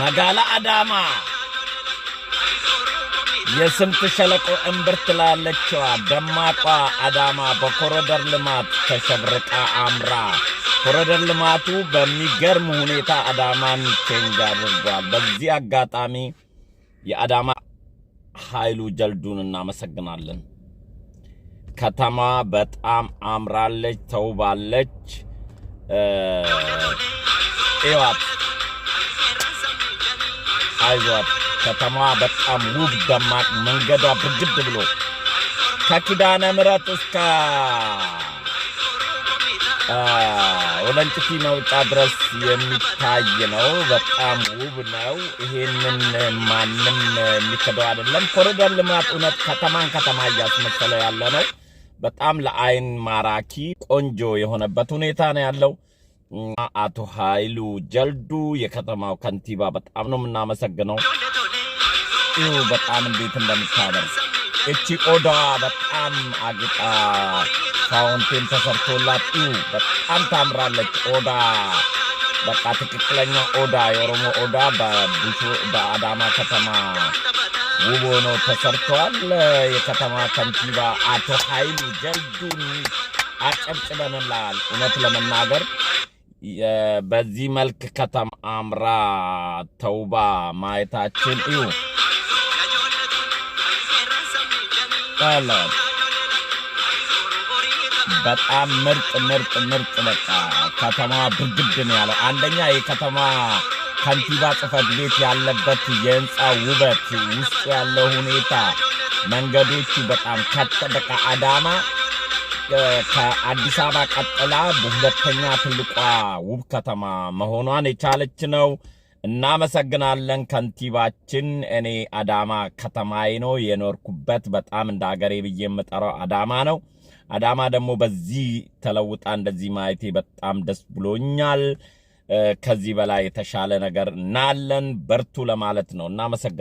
መጋላ አዳማ የስምት ሸለቆ እምብርት ላለችዋ ደማቋ አዳማ በኮሪደር ልማት ተሸብርቃ አምራ ኮሪደር ልማቱ በሚገርም ሁኔታ አዳማን ቼንጅ አድርጓል። በዚህ አጋጣሚ የአዳማ ኃይሉ ጀልዱን እናመሰግናለን። ከተማ በጣም አምራለች፣ ተውባለች። ይዋት አይዟት ከተማዋ በጣም ውብ ደማቅ፣ መንገዷ ብርግድ ብሎ ከኪዳነ ምሕረት እስከ ወለንጭፊ መውጫ ድረስ የሚታይ ነው። በጣም ውብ ነው። ይሄንን ማንም የሚክደው አይደለም። ኮሪደር ልማት እውነት ከተማን ከተማ እያስመሰለ ያለ ነው። በጣም ለአይን ማራኪ ቆንጆ የሆነበት ሁኔታ ነው ያለው። አቶ ኃይሉ ጀልዱ የከተማው ከንቲባ በጣም ነው የምናመሰግነው። በጣም እንዴት እንደምታበር እቺ ቆዳ በጣም አግጣ ፋውንቴን ተሰርቶላት በጣም ታምራለች። ኦዳ በቃ ትክክለኛ ኦዳ የኦሮሞ ኦዳ በአዳማ ከተማ ውቦ ሆኖ ተሰርተዋል። የከተማ ከንቲባ አቶ ኃይሉ ጀልዱን አጨብጭበንላል። እውነት ለመናገር በዚህ መልክ ከተማ አምራ ተውባ ማየታችን እዩ። በጣም ምርጥ ምርጥ ምርጥ በቃ ከተማ ብርግድ ነው ያለው። አንደኛ የከተማ ከንቲባ ጽፈት ቤት ያለበት የህንፃ ውበት፣ ውስጡ ያለው ሁኔታ፣ መንገዶቹ በጣም ከተ በቃ አዳማ ከአዲስ አበባ ቀጥላ በሁለተኛ ትልቋ ውብ ከተማ መሆኗን የቻለች ነው። እናመሰግናለን ከንቲባችን። እኔ አዳማ ከተማዬ ነው የኖርኩበት። በጣም እንደ ሀገሬ ብዬ የምጠራው አዳማ ነው። አዳማ ደግሞ በዚህ ተለውጣ እንደዚህ ማየቴ በጣም ደስ ብሎኛል። ከዚህ በላይ የተሻለ ነገር እናለን። በርቱ ለማለት ነው። እናመሰግናለን።